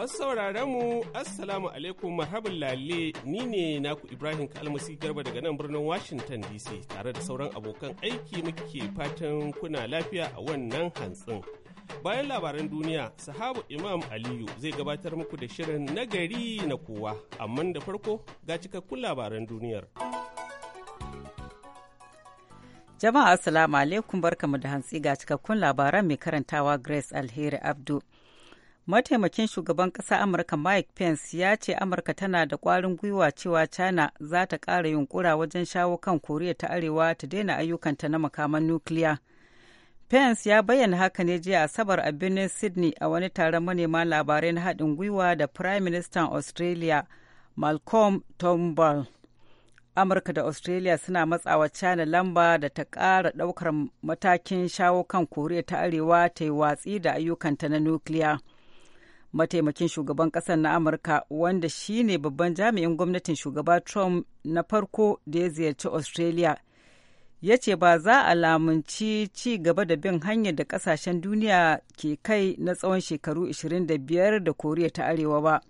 Masu sauraron mu Assalamu alaikum marhaban lalle ni ne naku Ibrahim Kalmasi Garba daga nan birnin Washington DC tare da sauran abokan aiki muke fatan kuna lafiya a wannan hantsin. Bayan labaran duniya, sahabu Imam Aliyu zai gabatar muku da shirin nagari na kowa, amma da farko ga cikakkun labaran duniyar. Jama'a Assalamu alaikum barkamu da hantsi ga cikakkun labaran mai karantawa Grace Alheri Abdu. mataimakin shugaban ƙasa amurka mike pence ya ce amurka tana da ƙwarin gwiwa cewa china za ta ƙara yunkura wajen shawo kan koriya ta arewa ta daina ayyukanta na makaman nukiliya pence ya bayyana haka ne jiya asabar a birnin sydney a wani taron manema labarai na haɗin gwiwa da prime minister australia malcolm turnbull amurka da australia suna matsawa china lamba da ta ƙara ɗaukar matakin shawo kan koriya ta arewa ta yi watsi da ayyukanta na nukiliya. mataimakin shugaban ƙasar na amurka wanda shine babban jami'in gwamnatin shugaba trump na farko da ya ziyarci australia ya ce ba za a lamunci ci gaba da bin hanyar da ƙasashen duniya ke kai na tsawon shekaru 25 da koriya ta arewa ba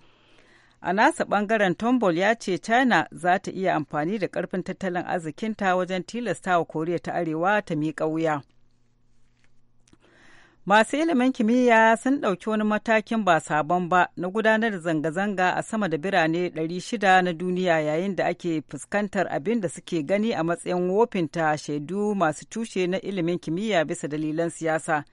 a nasa bangaren tombol ya ce china za ta iya amfani da karfin tattalin arzikinta wajen tilasta wa koriya ta arewa ta miƙa wuya Masu ilimin kimiyya sun ɗauki wani matakin ba sabon ba na gudanar da zanga-zanga a sama da birane 600 na duniya yayin da ake fuskantar abin da suke gani a matsayin wofinta shaidu masu tushe na ilimin kimiyya bisa dalilan siyasa.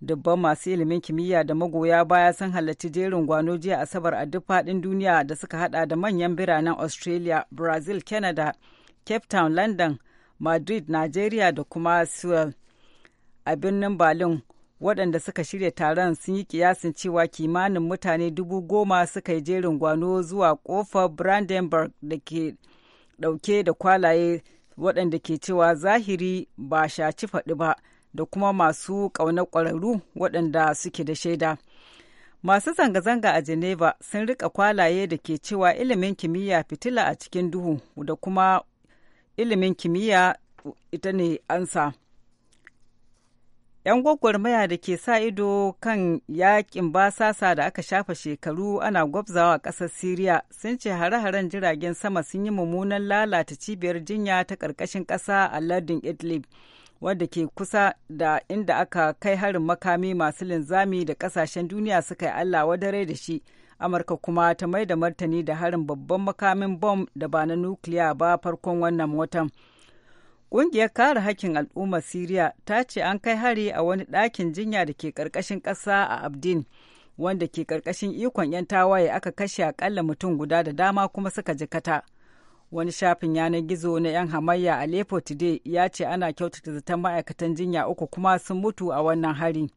Dubban masu ilimin kimiyya da magoya baya sun halarci jerin gwano jiya Asabar a duk faɗin duniya da suka hada da manyan biranen Australia, Brazil, Canada, Cape Town, London, Madrid, Nigeria da kuma Seoul. A birnin Berlin, waɗanda suka shirya taron sun yi kiyasin cewa kimanin mutane dubu goma suka yi jerin gwano zuwa ƙofar brandenburg da ke ɗauke da kwalaye waɗanda ke cewa zahiri ba shaci faɗi ba da kuma masu ƙaunar ƙwararru waɗanda suke da shaida masu zanga-zanga a geneva sun rika kwalaye da ke cewa ilimin kimiyya fitila a cikin duhu da kuma ilimin kimiyya ita ne ansa. 'Yan gwagwarmaya da ke sa ido kan yakin basasa da aka shafa shekaru ana gwabzawa ƙasar Siriya sun ce hare-haren jiragen sama sun yi mummunan lalata cibiyar jinya ta ƙarƙashin ƙasa a lardin Idlib, wadda ke kusa da inda aka kai harin makami masu linzami da ƙasashen duniya suka yi Allah wadare da shi. Amurka kuma ta mai da martani da harin babban makamin bom da ba na nukiliya ba farkon wannan watan. Ƙungiyar kare hakkin al'umma Siriya ta ce an kai hari a wani ɗakin jinya da ke ƙarƙashin ƙasa a Abdin, wanda ke ƙarƙashin ikon 'yan tawaye aka kashe aƙalla mutum guda da dama kuma suka jikata. Wani shafin yanar gizo na 'yan hamayya Aleppo Today ya ce ana kyautata zaton ma'aikatan jinya uku kuma sun mutu a wannan hari.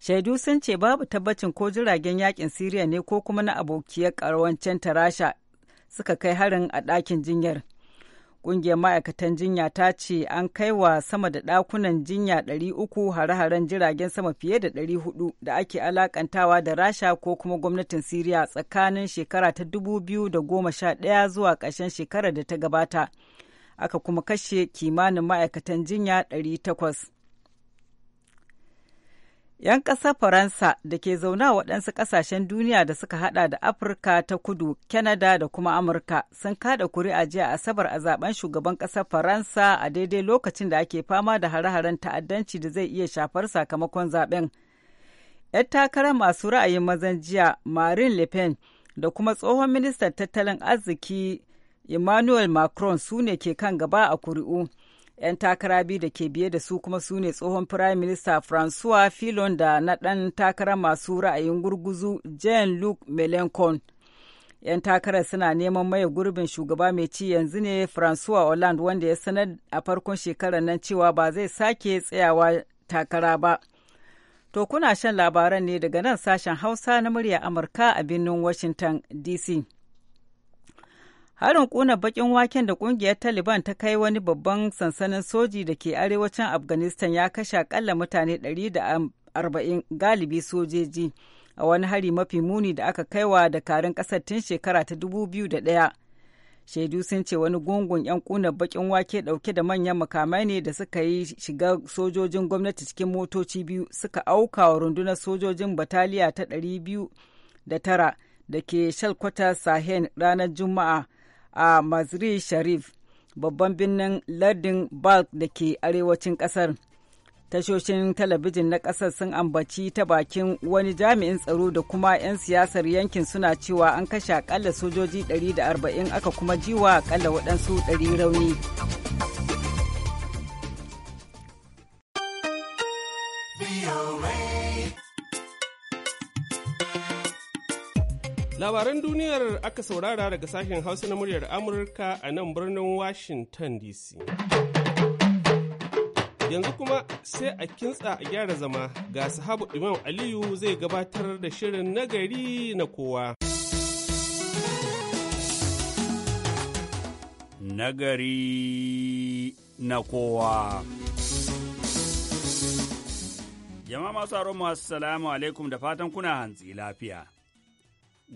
Shaidu sun ce babu tabbacin ko jiragen yakin Siriya ne ko kuma na abokiyar ƙarwancen Tarasha suka kai harin a ɗakin jinyar. Ƙungiyar ma'aikatan jinya ta ce an kai wa sama da ɗakunan jinya ɗari uku hare-haren jiragen sama fiye da ɗari hudu da ake alakantawa da Rasha ko kuma gwamnatin Siriya tsakanin shekara ta dubu biyu da goma sha ɗaya zuwa ƙarshen shekarar da ta gabata. Aka kuma kashe kimanin ma'aikatan jinya ɗari takwas. 'Yan ƙasar Faransa da ke zauna waɗansu ƙasashen duniya da suka haɗa da Afirka ta kudu, Canada da kuma Amurka sun kaɗa kuri'a jiya Asabar a zaben shugaban ƙasar Faransa a daidai lokacin da ake fama da hare-haren ta'addanci da zai iya shafar sakamakon zaben. 'Yan takarar masu ra'ayin mazan jiya Marine Le Pen da kuma tsohon ministan tattalin arziki Emmanuel Macron su ne ke kan gaba a kuri'u. 'yan takara biyu da ke biye da su kuma su ne tsohon firayim minista francois filon da na ɗan takara masu ra'ayin gurguzu jean luc melencon 'yan takarar suna neman maye gurbin shugaba mai ci yanzu ne francois hollande wanda ya sanar a farkon shekarar nan cewa ba zai sake tsayawa takara ba to kuna shan labaran ne daga nan sashen hausa na murya amurka a birnin washington dc Harin kuna bakin waken da kungiyar Taliban ta kai wani babban sansanin soji da ke arewacin Afghanistan ya kashe akalla mutane 140 galibi sojeji a wani hari mafi muni da aka kaiwa da karin kasar tun shekara ta 2001. Shaidu sun ce wani gungun 'yan kuna bakin wake dauke da manyan makamai ne da suka yi shiga sojojin gwamnati cikin motoci biyu suka auka wa rundunar sojojin bataliya ta 209 da ke shalkwata sahen ranar Juma'a. a mazri sharif babban birnin lardin balk da ke arewacin kasar tashoshin talabijin na kasar sun ambaci ta bakin wani jami'in tsaro da kuma 'yan siyasar yankin suna cewa an kashe akalla sojoji 140 aka kuma jiwa akalla waɗansu 100 rauni Labaran duniyar aka saurara daga sashen Hausa na muryar Amurka a nan birnin Washington DC. Yanzu kuma sai a kintsa a gyara zama ga sahabu Imam Aliyu zai gabatar da shirin nagari na kowa. Nagari na kowa. Jama'a masu masu salamu alaikum da fatan kuna hantsi lafiya.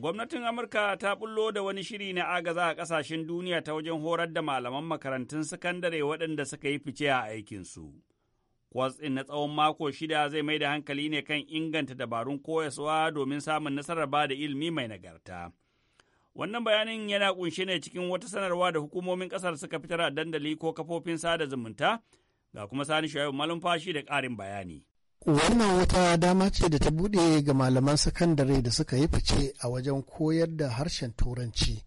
Gwamnatin Amurka ta bullo da wani shiri na agaza a ƙasashen duniya ta wajen horar da malaman makarantun sakandare waɗanda suka yi fice a aikinsu. Kwas ɗin na tsawon mako shida zai mai da hankali ne kan inganta dabarun koyaswa domin samun nasarar ba da ilimi mai nagarta. Wannan bayanin yana ƙunshe ne cikin wata sanarwa da hukumomin ƙasar suka fitar a dandali ko kafofin sada zumunta, ga kuma sani shayu malumfashi da ƙarin bayani. Wannan wata dama ce da ta buɗe ga malaman sakandare da suka yi fice a wajen koyar da harshen Turanci,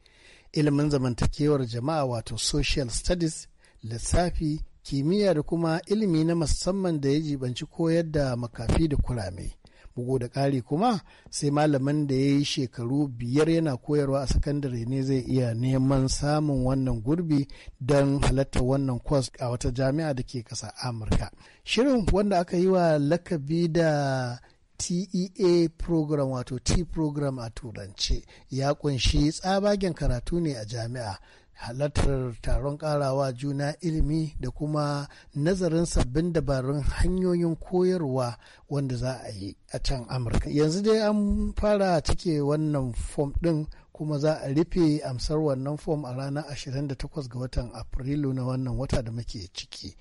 ilimin zamantakewar jama'a wato social studies, lissafi, kimiyya da kuma ilimi na musamman da ya jibanci koyar da makafi da kurame. bugu da ƙari kuma sai malamin da ya yi shekaru biyar yana koyarwa a sakandare ne zai iya neman samun wannan gurbi don halatta wannan kwas a wata jami'a da ke ƙasa amurka shirin wanda aka yi wa lakabi da TEA program wato T program a turance ya kunshi tsabagen karatu ne a jami'a halartar taron karawa juna ilimi da kuma nazarin sabbin dabarun hanyoyin koyarwa wanda za a yi a can amurka yanzu dai an fara cike wannan fom ɗin kuma za a rufe amsar wannan fom a ranar 28 ga watan afrilu na wannan wata da muke ciki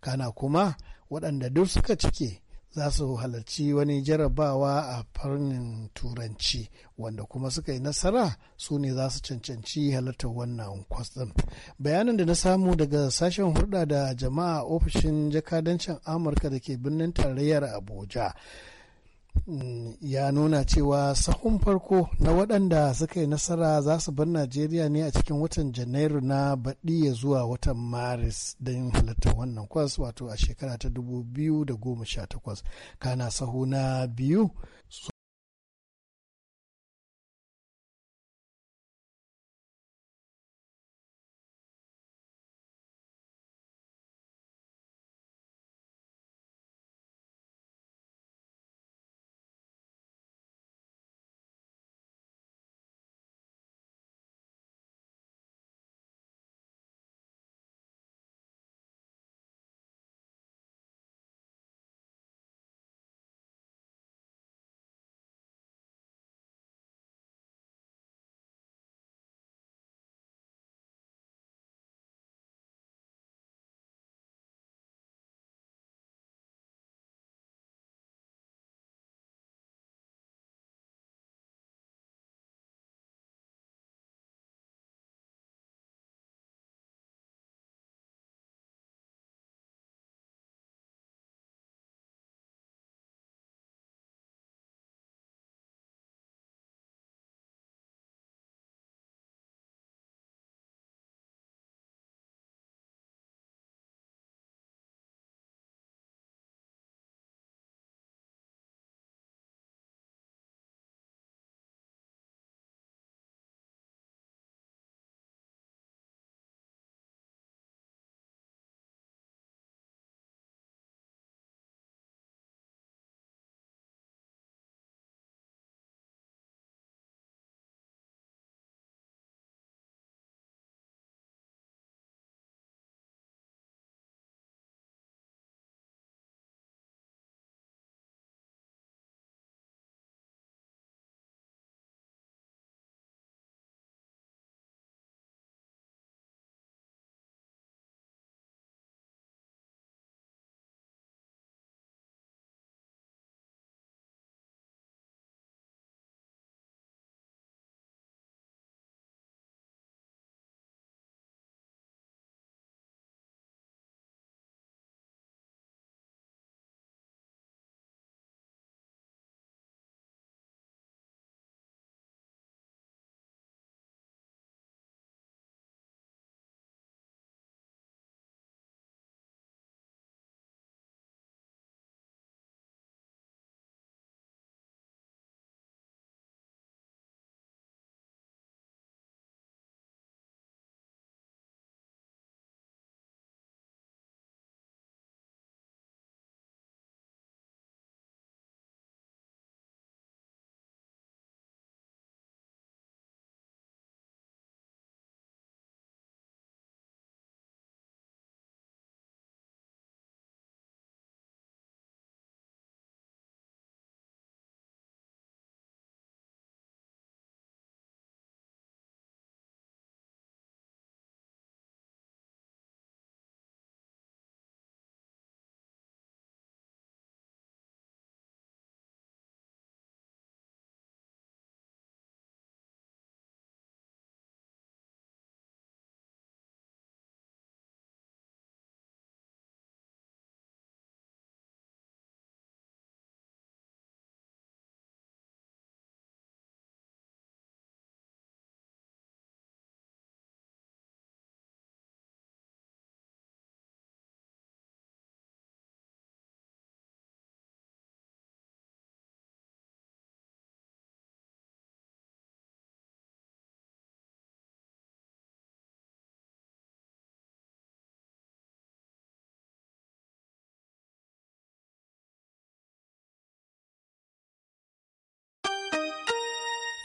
kana kuma waɗanda duk suka cike za su halarci wani jarabawa a farnin turanci wanda kuma suka yi nasara su ne za su cancanci halartar wannan kwastin bayanin da na samu daga sashen hulɗa da jama'a ofishin jakadancin amurka da ke birnin tarayyar abuja Mm, ya nuna cewa sahun farko na waɗanda suka yi nasara za su bar najeriya ne a cikin watan janairu na baɗi ya zuwa watan maris don halartar wannan kwas wato a shekara ta 2018 kana sahu na biyu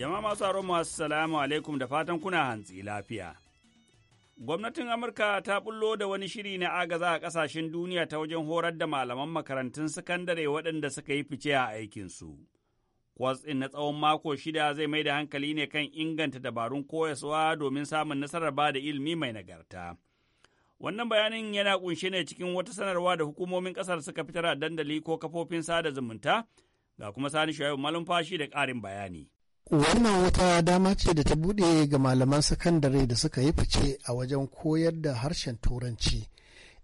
Jama'a masu aron masu assalamu alaikum da fatan kuna hantsi lafiya. Gwamnatin Amurka ta bullo da wani shiri na agaza a ƙasashen duniya ta wajen horar da malaman makarantun sakandare waɗanda suka yi fice a aikinsu. Kwas ɗin na tsawon mako shida zai mai da hankali ne kan inganta dabarun koyaswa domin samun nasarar ba da ilimi mai nagarta. Wannan bayanin yana ƙunshe ne cikin wata sanarwa da hukumomin ƙasar suka fitar a dandali ko kafofin sada zumunta, ga kuma sani shayu malumfashi da ƙarin bayani. Wannan wata dama ce da ta buɗe ga malaman sakandare da suka yi fice a wajen koyar da harshen Turanci,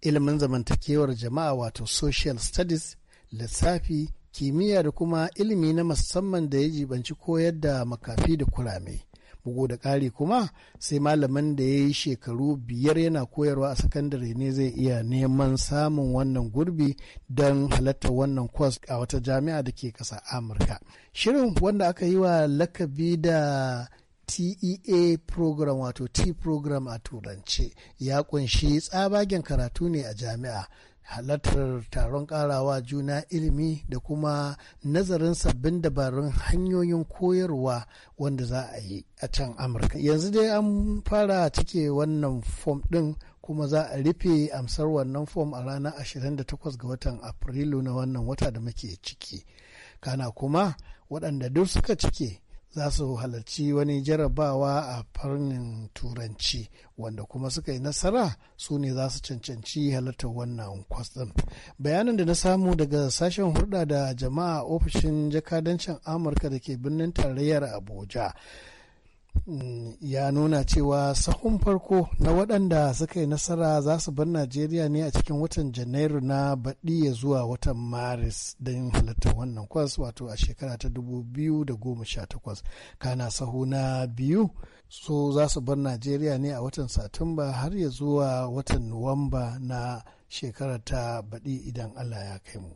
ilimin zamantakewar jama'a wato social studies, lissafi, kimiyya da kuma ilimi na musamman da ya jibanci koyar da makafi da kurame. bugu da ƙari kuma sai malamin da ya yi shekaru biyar yana koyarwa a sakandare ne zai iya neman samun wannan gurbi don halartar wannan kwas a wata jami'a da ke ƙasa amurka shirin wanda aka yi wa lakabi da TEA program wato T program a turance ya kunshi tsabagen karatu ne a jami'a halartar taron karawa juna ilimi da kuma nazarin sabbin dabarun hanyoyin koyarwa wanda za a yi a can amurka yanzu dai an fara cike wannan fom ɗin kuma za a rufe amsar wannan fom a ranar 28 ga watan afrilu na wannan wata da muke ciki kana kuma waɗanda duk suka cike za su halarci wani jarabawa a farnin turanci wanda kuma suka yi nasara su ne za su cancanci halartar wannan kwas bayanin da na samu daga sashen hulɗa da jama'a ofishin jakadancin amurka da ke birnin tarayyar abuja Mm, ya nuna cewa sahun farko na waɗanda suka yi nasara za su bar najeriya ne a cikin watan janairu na baɗi ya zuwa watan maris don halittar wannan kwas wato a shekara ta 2018 kana sahu na biyu so za su bar najeriya ne a watan satumba har ya zuwa watan nuwamba na shekara ta baɗi idan allah ya kai mu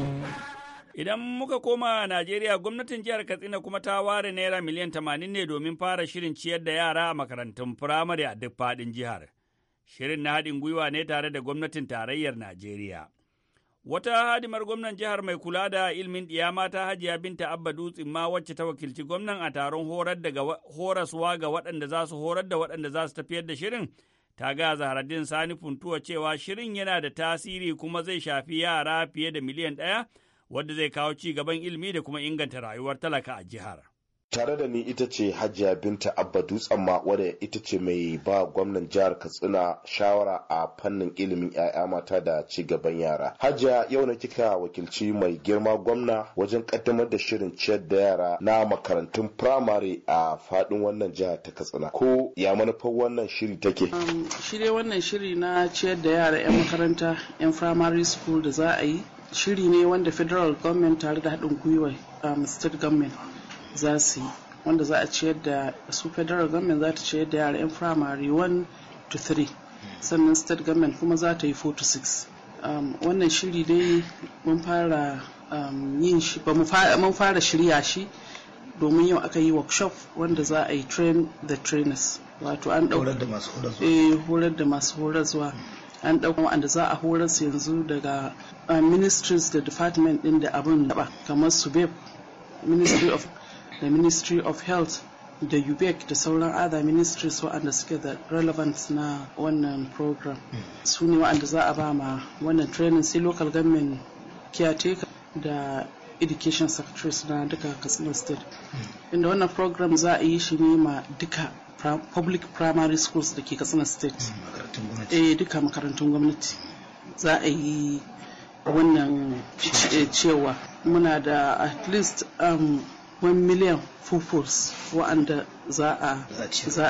Idan muka koma Najeriya gwamnatin jihar Katsina kuma ta ware naira miliyan tamanin ne domin fara shirin ciyar da yara a makarantun firamare a duk fadin jihar. Shirin na haɗin gwiwa ne tare da gwamnatin tarayyar Najeriya. Wata hadimar gwamnan jihar mai kula da ilmin ɗiyama ta hajiya binta Abba Dutsin ma wacce ta wakilci gwamnan a taron horar daga horaswa ga waɗanda za su horar da waɗanda za su tafiyar da shirin ta ga Zaharaddin Sani Funtuwa cewa shirin yana da tasiri kuma zai shafi yara fiye da miliyan ɗaya wadda zai kawo ci gaban ilimi da kuma inganta rayuwar talaka a jihar. tare da ni ita ce hajiya binta abba dutsen ma wadda ita ce mai ba gwamnan jihar katsina shawara a fannin ilimin 'ya'ya mata da ci gaban yara hajiya yau na kika wakilci mai girma gwamna wajen kaddamar da shirin ciyar da yara na makarantun firamare a fadin wannan jihar ta katsina ko ya manufar wannan shiri take um, shirye wannan shiri na ciyar da yara 'yan makaranta 'yan firamare school da za a yi shiri ne wanda federal government tare da haɗin gwiwa um, state government za su yi wanda za a ciyar da su federal government za ta ciyar da yara 'yan firamare 1 to 3 sannan state government kuma za ta yi 4 to 6 um, wannan shiri dai mun fara um, yin shi ba mun fara shirya shi domin yau aka yi workshop wanda za a yi train the trainers wato an horar da masu horar zuwa eh, an ɗaukan wanda za a horar su yanzu daga uh, ministries da department ɗin da abin daba kamar su ministry of the ministry of health da ubec da sauran other ministries waɗanda suke da relevant na wannan program su ne waɗanda za a ba ma wannan training sai local government caretaker da education secretaries na duka katsina state hmm. inda wannan program za a yi shi ne ma duka public primary schools da ke katsina state mm, eh duka makarantun gwamnati za a yi wannan cewa muna da at least um, 1 million pupils wa'anda za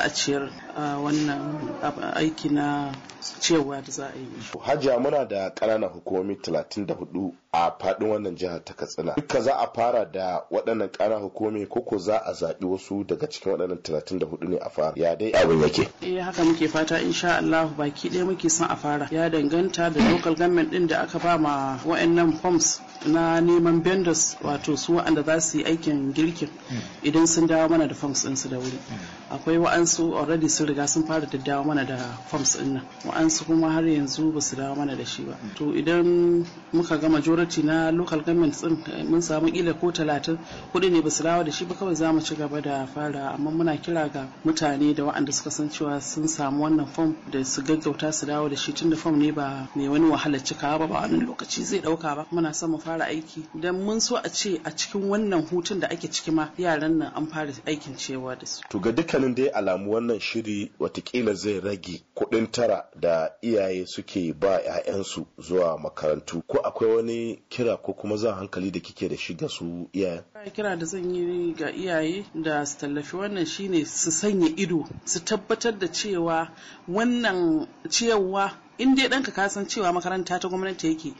a ciyar wannan aiki na cewa da za a yi hajiya muna da ƙananan hukumomi 34 a faɗin wannan jihar ta katsina duka za a fara da waɗannan ƙananan hukumomi koko za a zaɓi wasu daga cikin waɗannan 34 ne a fara ya dai abin yake eh haka muke fata insha Allah baki ɗaya muke son a fara ya danganta da local government ɗin da aka ba ma wa'annan forms na neman vendors wato su waɗanda za su yi aikin girkin hmm. idan sun dawo mana da forms ɗinsu da will akwai wa'ansu already sun riga sun fara daddawa mana da forms din nan wa'ansu kuma har yanzu ba su dawo mana da shi ba to idan muka ga majority na local government din eh, mun samu kila ko talatin kuɗi ne ba su dawo da shi ba kawai za mu ci gaba da fara amma muna kira ga mutane da wa'anda suka san cewa sun samu wannan form da su gaggauta su dawo da shi da form ne ba mai wani wahala cikawa ba ba wani lokaci zai dauka ba muna son mu fara aiki Idan mun so a ce a cikin wannan hutun da ake ciki ma yaran nan an fara aikin cewa da su to ga ganin dai alamu wannan shiri watakila zai rage kudin tara da iyaye suke ba 'ya'yansu zuwa makarantu ko akwai wani kira ko kuma za hankali da kike da shiga ga su iyayen kira da zan yi ga iyaye da su tallafi wannan shine su sanya ido su tabbatar da cewa wannan cewa in dai ɗanka ka san cewa makaranta ta gwamnati yake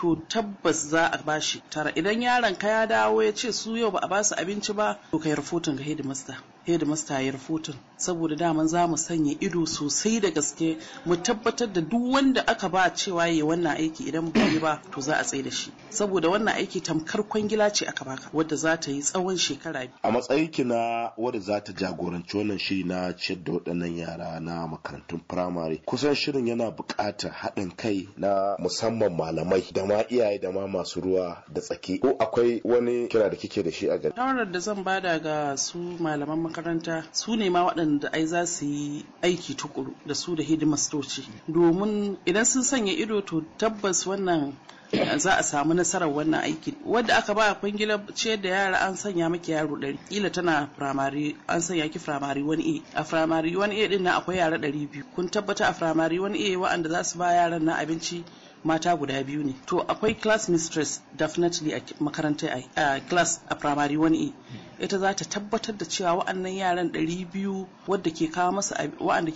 to tabbas za a bashi tara idan yaron ka ya dawo ya ce su yau ba a basu abinci ba to ka yi rufutun ga hedimasta hedimasta ya rufutun saboda daman za mu sanya ido sosai da gaske mu tabbatar da duk wanda aka ba cewa yayi wannan aiki idan ba yi ba to za a tsaye da shi saboda wannan aiki tamkar kwangila ce aka baka wadda za ta yi tsawon shekara biyu. a matsayin ki na wadda za ta jagoranci wannan shiri na ciyar da waɗannan yara na makarantun firamare kusan shirin yana buƙatar haɗin kai na musamman malamai da ma iyaye da ma masu ruwa da tsaki ko akwai wani kira da kike da shi a gari shawarar da zan bada ga su malaman makaranta su ne ma waɗanda ai za su yi aiki tukuru da su da hidimastoci domin idan sun sanya ido to tabbas wannan eh, za a samu nasarar wannan aikin wadda aka ba kwangila ce da yara an sanya maki yaro ɗari kila tana firamare an sanya ki firamare wani a a firamare wani a din na akwai yara ɗari biyu kun tabbata a firamare wani a wa'anda za su ba yaran na abinci mata guda biyu ne to akwai class mistress definitely a makaranta a class a primary wani. ita za ta tabbatar da cewa wa'annan yaran 200 wadda ke kawo masa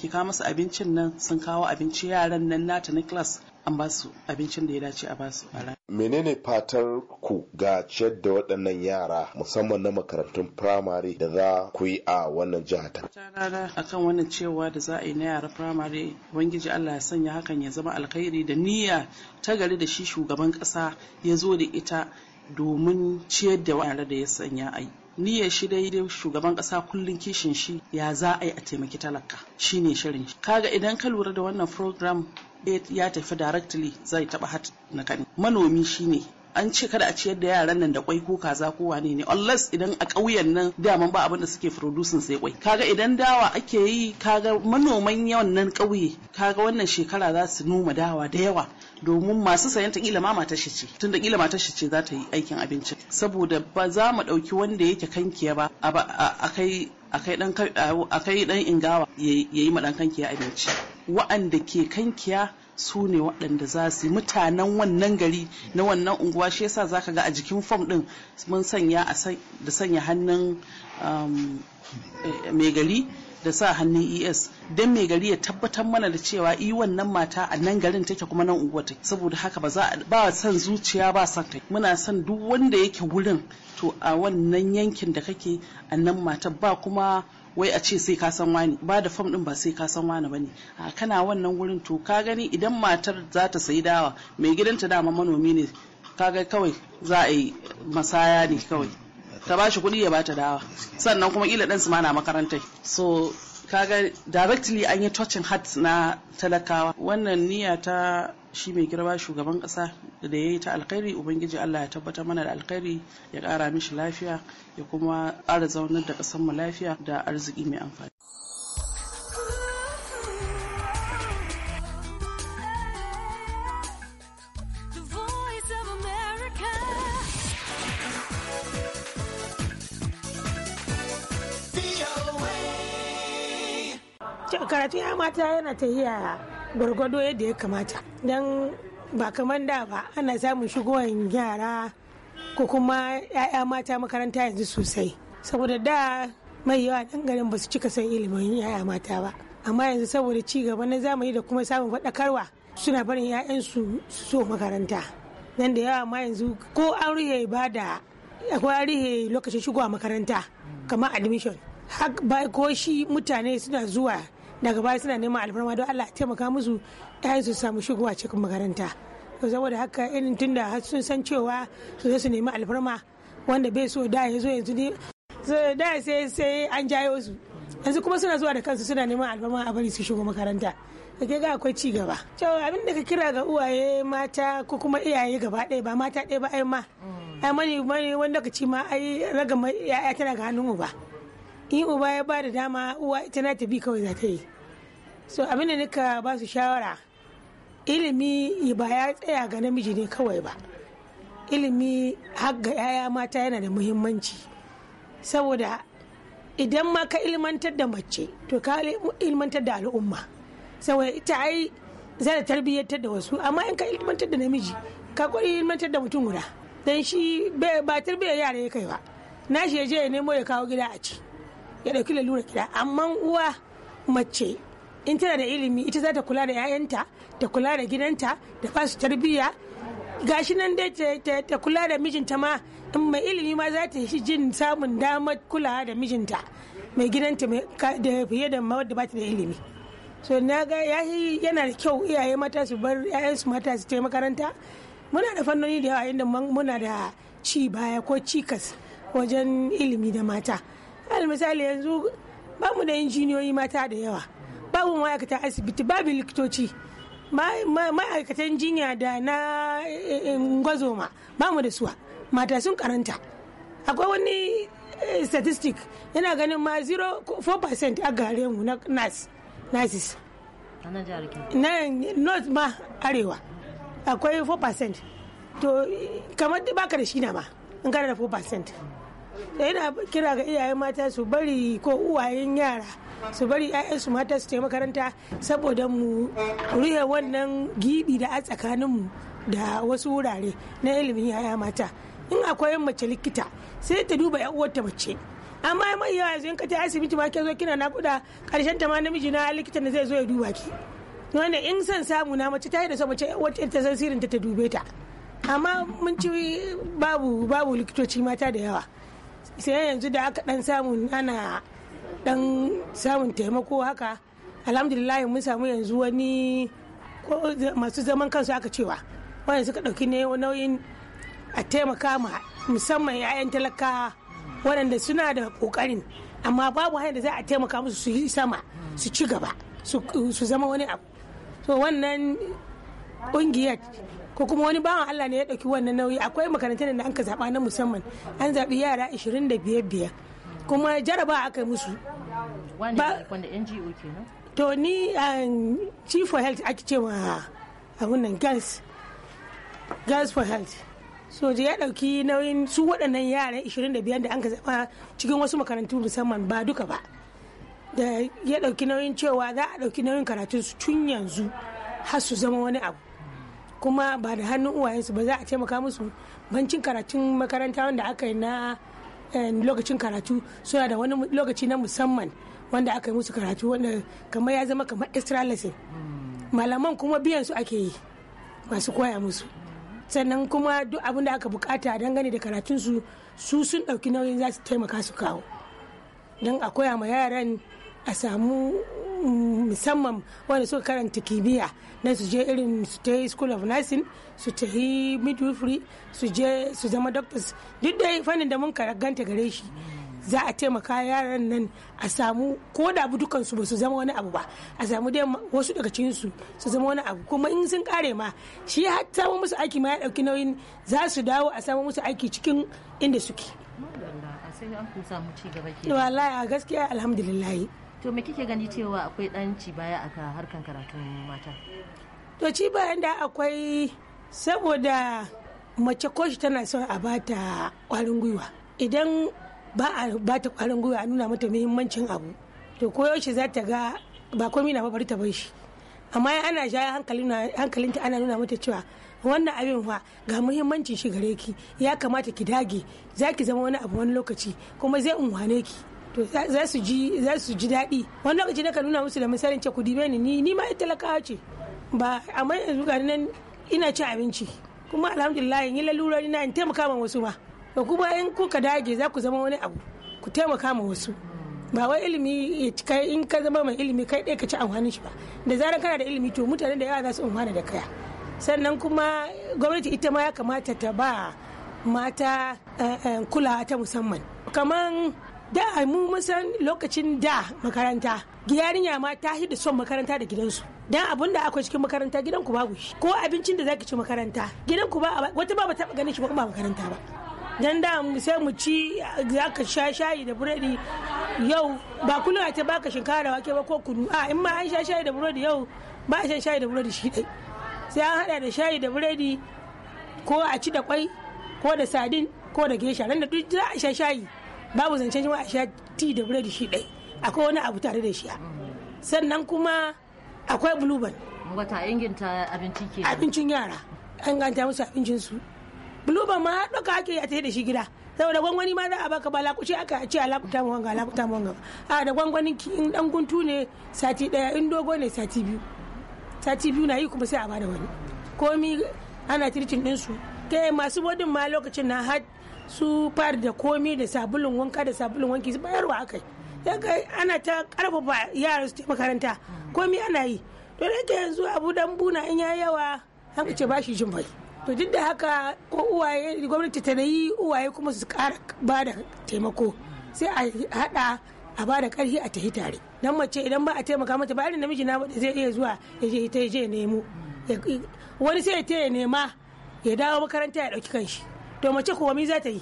ke kawo masa abincin nan sun kawo abinci yaran nan nata na class an ba su abincin da ya dace a ba su a Menene fatar ku ga ciyar da waɗannan yara musamman na makarantun firamare da za ku yi a wannan jiha ta? akan wannan cewa da za a yi na yara firamare Ubangiji Allah ya sanya hakan ya zama alkhairi da niyya ta gari da shi shugaban ƙasa ya zo da ita domin ciyar da wa'anda da ya sanya a yi niyyar shi dai shugaban kasa kullun kishin shi ya za a yi a taimaki talaka ne shirin shi. kaga idan ka lura da wannan program ya tafi directly zai taba hat na kani manomi shine an ce kada a ciyar da yaran nan da kwai ko kaza ko wane ne unless idan a ƙauyen nan daman ba abin da suke producin sai kwai kaga idan dawa ake yi kaga manoman yawan nan ƙauye kaga wannan shekara za su noma dawa da yawa domin masu sayan ta kila ma matar shi ce tunda kila mata shi ce za ta yi aikin abinci saboda ba za mu ɗauki wanda yake kankiya ba a kai akai dan dan ingawa yayi ma madan kankiya abinci wa'anda ke kankiya su ne waɗanda za su yi mutanen wannan gari na wannan unguwa shi yasa ka ga a jikin fom ɗin mun sanya da sanya hannun um, eh, mai gari da sa hannun es don mai gari ya tabbatar mana da cewa i wannan mata a nan garin take kuma nan unguwa take saboda haka ba za ba san zuciya ba san ta muna son duk wanda yake wurin to a wannan yankin da kake a nan mata ba kuma wai a ce sai ka san wani ba da fam din ba sai ka san wani bane a kana wannan wurin to ka gani idan matar za ta sayi dawa mai gidanta dama manomi ne ka ga kawai za a yi masaya ne kawai ta bashi kuɗi ya bata dawa sannan kuma kila ɗansu ma na makaranta so ka ga directly an yi touching hearts na talakawa wannan niyya ta shi mai girma shugaban kasa da ya yi ta alkhairi ubangiji Allah ya tabbatar mana da alkhairi ya kara mishi lafiya ya kuma ƙara zaunar da ƙasar mu lafiya da arziki mai amfani karatu ya mata yana ta hiyaya gwargwado yadda ya kamata don ba kamar da ba ana samun shigowar yara ko kuma 'ya'ya mata makaranta yanzu sosai saboda da mai yawa dan garin ba su cika san ilimin 'ya'ya mata ba amma yanzu saboda ci gaba na zamani da kuma samun faɗakarwa suna barin 'ya'yansu su so makaranta nan da yawa ma yanzu ko an rihe ba da akwai lokacin shigowa makaranta kamar admission ba ko shi mutane suna zuwa daga baya suna neman alfarma don Allah taimaka musu ɗayan su samu shigowa cikin makaranta to saboda haka irin tunda har sun san cewa su su nemi alfarma wanda bai so da ya zo yanzu ne da sai sai an jayo su yanzu kuma suna zuwa da kansu suna neman alfarma a bari su shigo makaranta kake ga akwai ci gaba to abin da ka kira ga uwaye mata ko kuma iyaye gaba ɗaya ba mata ɗaya ba ai ma ai mani wani lokaci ma ai ragama yaya tana ga hannun ba. in uba ya ba da dama uwa ita na tafi kawai za ta yi so abin da nika ba su shawara ilimi ba ya tsaya ga namiji ne kawai ba ilimi har ga 'ya'ya mata yana da muhimmanci saboda idan ma ka ilmantar da mace to ka ilmantar da al'umma saboda ita ai za ta tarbiyyantar da wasu amma in ka ilmantar da namiji ka kwari ilmantar da mutum guda don shi ba tarbiyyar yara ya kai ba na shi ya je ya nemo ya kawo gida a ci ya ɗauki lalura gida amma uwa mace in tana da ilimi ita za ta kula da 'ya'yanta ta kula da gidanta da ba su tarbiyya gashi nan dai ta kula da mijinta ma in mai ilimi ma za ta shi jin samun damar kulawa da mijinta mai gidanta da fiye da wadda ba ta da ilimi so na ga yana da kyau iyaye mata su bar 'ya'yansu mata su makaranta muna da fannoni da yawa inda muna da ci baya ko cikas wajen ilimi da mata al misali yanzu ba mu da injiniyoyi mata da yawa babu ma'aikatan asibiti babu likitoci ma'aikatan jinya da na eh, eh, gwazoma ba mu da suwa mata sun karanta akwai wani eh, statistic yana ganin ma 0.4% a gare mu na nas nasis na north ma arewa akwai 4% to kamar baka da shi na ma in kana da 4% da yana kira ga iyayen mata su bari ko uwayen yara su bari 'ya'yansu mata su makaranta saboda mu ruhe wannan gibi da a tsakaninmu da wasu wurare na ilimin 'ya'ya mata in akwai mace likita sai ta duba 'yan uwarta mace amma mai yawa yanzu in ka ta asibiti ma ke zo kina nakuda karshen ta ma namiji na likitan na zai zo ya duba ki wanda in san samu na mace ta yi da sa mace wacce ta san sirin ta ta dube ta amma mun ci babu babu likitoci mata da yawa sai yanzu da aka dan samu ana dan samun taimako haka alhamdulillah mun samu yanzu wani masu zaman kansu aka cewa wanda suka ɗauki ne nauyin a taimaka ma musamman 'ya'yan talakawa waɗanda suna da ƙoƙarin amma babu hanyar da za a taimaka musu su yi sama su ci gaba su zama wani abu so wannan ƙungiyar ko kuma wani bawan Allah ne ya ɗauki wannan nauyi akwai makarantar da an ka zaɓa na musamman an zaɓi yara 25 kuma jaraba aka musu wanda NGO kenan to ni um, chief for health ake ma a wannan girls girls for health so ya ɗauki nauyin su waɗannan yara 25 da an ka zaɓa cikin wasu makarantu musamman ba duka ba da ya ɗauki nauyin cewa za a ɗauki nauyin karatun su tun yanzu har su zama wani abu kuma ba da hannun uwayensu ba za a taimaka musu bancin karatun makaranta wanda aka yi na eh, lokacin karatu suna da wani lokaci na musamman wanda aka yi musu karatu wanda kamar ya zama kamar extra lesson malaman kuma biyan su ake yi masu koya musu sannan kuma duk abin da aka bukata dangane da karatun su su sun ɗauki nauyin za su taimaka su kawo don a koya ma yaran a samu musamman wanda suka karanta kimiyya na su je irin su ta yi school of nursing su ta yi midwifery su je su zama doctors duk da fannin da mun karganta gare shi za a taimaka yaran nan a samu ko da dukansu ba su zama wani abu ba a samu dai wasu daga cikinsu su zama wani abu kuma in sun kare ma shi har samu musu aiki ma ya dauki nauyin za su dawo a samu musu aiki cikin inda suke wallahi a gaskiya alhamdulillahi. to me kike gani cewa akwai dan baya a harkan karatun mata to ci bayan da akwai saboda mace koshi tana son a bata kwarin gwiwa idan ba a bata kwarin gwiwa a nuna mata muhimmancin abu to koyaushe za ta ga ba komai na bari ta bar shi amma ana ja hankalinta ana nuna mata cewa wannan abin fa ga muhimmancin shi gare ki ya kamata ki dage za ki zama wani abu wani lokaci kuma zai unwane ki to za su ji za su ji daɗi wani lokaci na ka nuna musu da misalin ce ku bai ni ni ma talakawa ce ba amma yanzu ga nan ina cin abinci kuma alhamdulillah in yi lalurori na in taimaka ma wasu ba da kuma in kuka dage za ku zama wani abu ku taimaka ma wasu ba wai ilimi ya cika in ka zama mai ilimi kai ɗaya ka ci amfanin shi ba da zarar kana da ilimi to mutane da yawa za su amfana da kaya sannan kuma gwamnati ita ma ya kamata ta ba mata eh, eh, kulawa ta musamman kamar da mu mun san lokacin da makaranta yarinya ma ta da son makaranta da gidansu dan abun da akwai cikin makaranta gidan ku babu shi ko abincin da zaki ci makaranta gidan ku ba wata ba ta ganin shi ba kuma makaranta ba dan da sai mu ci zaka sha shayi da buredi yau ba kullum a ta baka shinkara wake ba ko kunu a in ma an sha shayi da buredi yau ba a sha shayi da buredi shi dai sai an hada da shayi da buredi ko a ci da kwai ko da sadin ko da gesha nan da duk za a sha shayi babu zancen ma a sha ti da biredi shi ɗai akwai wani abu tare da shi sannan kuma akwai blueband wata inginta abinci ke abincin yara an ganta musu abincin su blueband ma ɗauka ake a tafi da shi gida saboda gwangwani ma za a baka ba lakuce aka ce a lakuta mu wanga lakuta mu wanga a da gwangwani in dan guntu ne sati daya in dogo ne sati biyu sati biyu na yi kuma sai a bada wani komi ana tirkin din su kai masu bodin ma lokacin na har su fara da komi da sabulun wanka da sabulun wanki su bayarwa aka yi ana ta karfafa yara su makaranta komi ana yi to da yake yanzu abu dan buna in ya yawa an ce ba shi jin to duk da haka ko uwaye gwamnati ta na yi uwaye kuma su kara ba da taimako sai a hada a ba da karfi a tafi tare dan mace idan ba a taimaka mata ba irin namiji na zai iya zuwa ya je ya nemo wani sai ya taya nema ya dawo makaranta ya dauki kanshi to mace kuwa mi za ta yi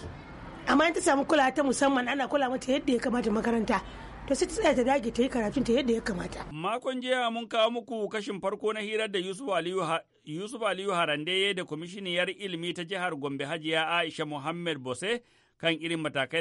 amma in ta samu kula ta musamman ana kula mata yadda ya kamata makaranta to sai ta tsaya ta dage ta yi karatun ta yadda ya kamata makon jiya mun kawo muku kashin farko na hirar da Yusuf Aliyu Yusuf Aliyu Harandeye da kwamishiniyar ilimi ta jihar Gombe Hajiya Aisha Muhammad Bose kan irin matakai